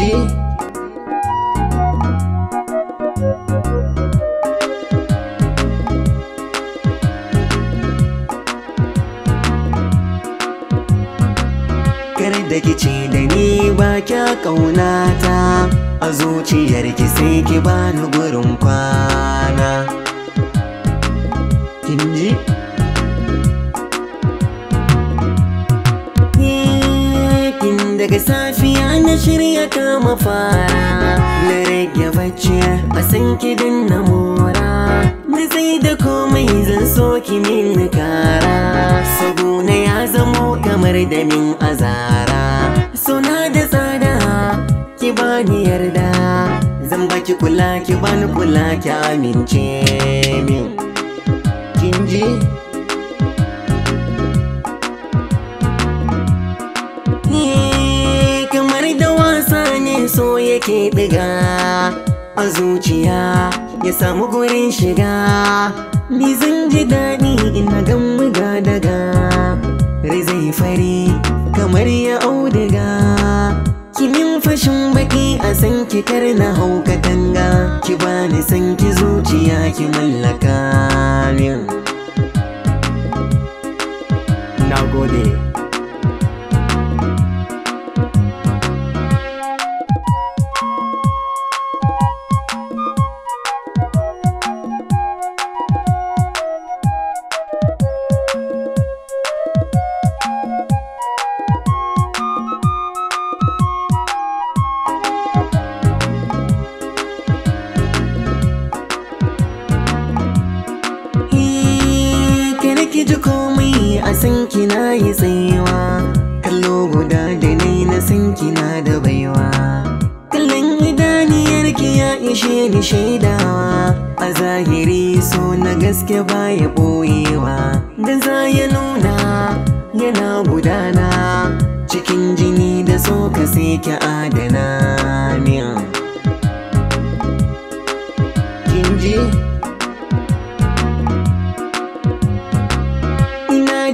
je Kar da kici da ni ba kya ƙaunata A zuciyar ki sai ki bani gurin kwana Kin ji? Hmm, kin daga na shirya kama fara na rage bacci a san kidin na mora na sai da komai zan so ki min kara na ya zamo kamar da min azara suna da tsada ki bani yarda zan ki kula ki bani kula ki amince min yake ɗiga a zuciya ya samu gurin shiga ni zan ji daɗi ina gan muga daga zai fari kamar ya auduga kimin fashin baki a san kitar na hau katanga ki bani san ki zuciya ki mallaka min na gode ki ji komai a san na yi tsayewa kallo guda da nai na san na da baiwa kallon idaniyar ki ya ishe ni shaidawa a zahiri so na gaske baya boyewa da za ya nuna yana gudana cikin jini da so ka sai ki adana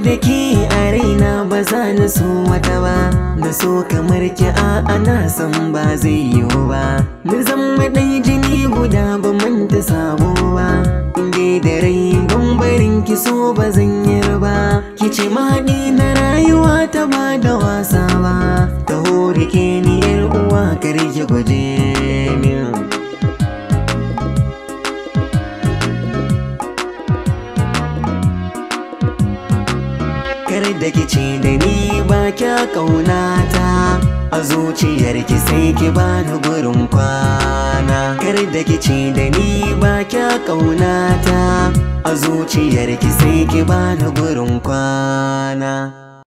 daki a raina ba za ni so wata ba da so kamar ki a ana san ba zai yiwu ba zan zama ɗan jini guda ba manta sabo ba inda da rai gumbarin ki so ba zan yi ba ki ce maɗi na rayuwa ta ba da wasa ba ta hore ni yar uwa kar ki gwaje min kar da kici da ni ba kya kaunata a zuciyar ki sai ki bani gurin kwana kar da kici da ni ba kya kaunata a zuciyar ki sai ki bani gurin kwana